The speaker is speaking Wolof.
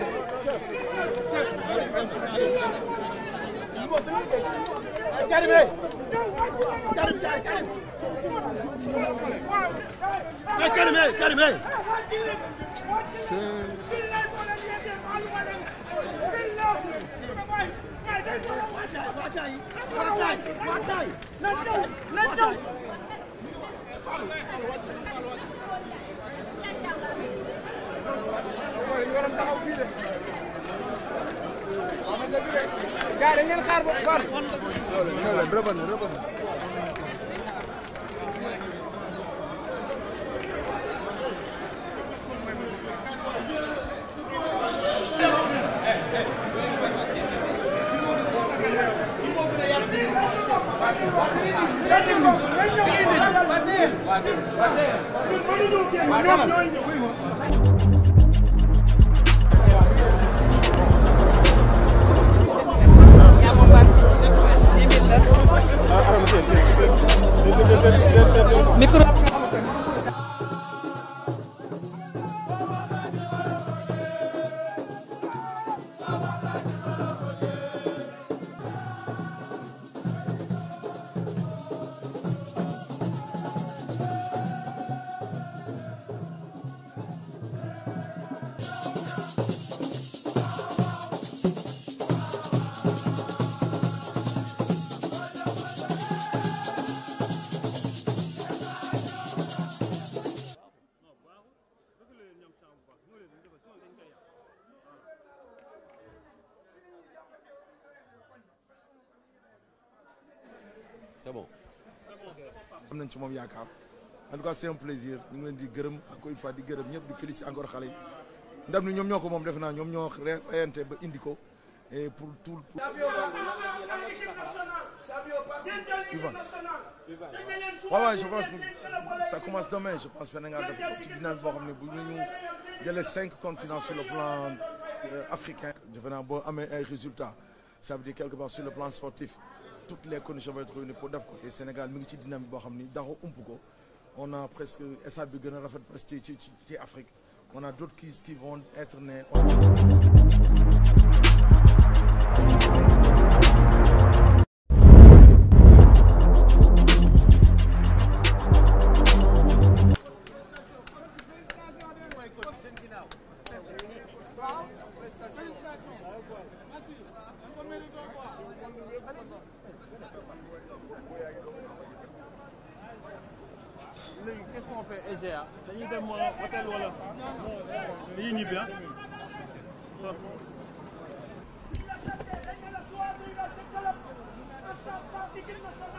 Let's go! Let's go! gaa dañ leen xaar ba kon. loolu loolu rëbën na rëbën na. Thank you. micro bi c'est bon. am nañ ci moom yaakaar en tout cas c'est un plaisir ñu ngi leen di gërëm encore une fois di gërëm ñëpp di féliciter encore xale yi ndam ni ñoom ñoo ko moom def naa ñoom ñoo reyante ba indi ko et pour tout. waaw waaw je pense ça commence demain je pense feneen nga def ko ci dynamique boo xam ne bu ñu jëlee cinq continents sur le plan euh, africain. defe naa boo amee ay résultats ça veut dire quelque part sur le plan sportif. toutes les conditions vont être réunies pour def ko te Sénégal mi ngi ci dynamique boo xam ni daxu ump ko on a presque stade bi gën a rafet presque ci ci ci Afrique on a d'autres qui qui vont être nés. Merci. léegi qu'est-ce qu'on fait EGA dañuy dem euh, hôtel wala dañuy ñibbi ah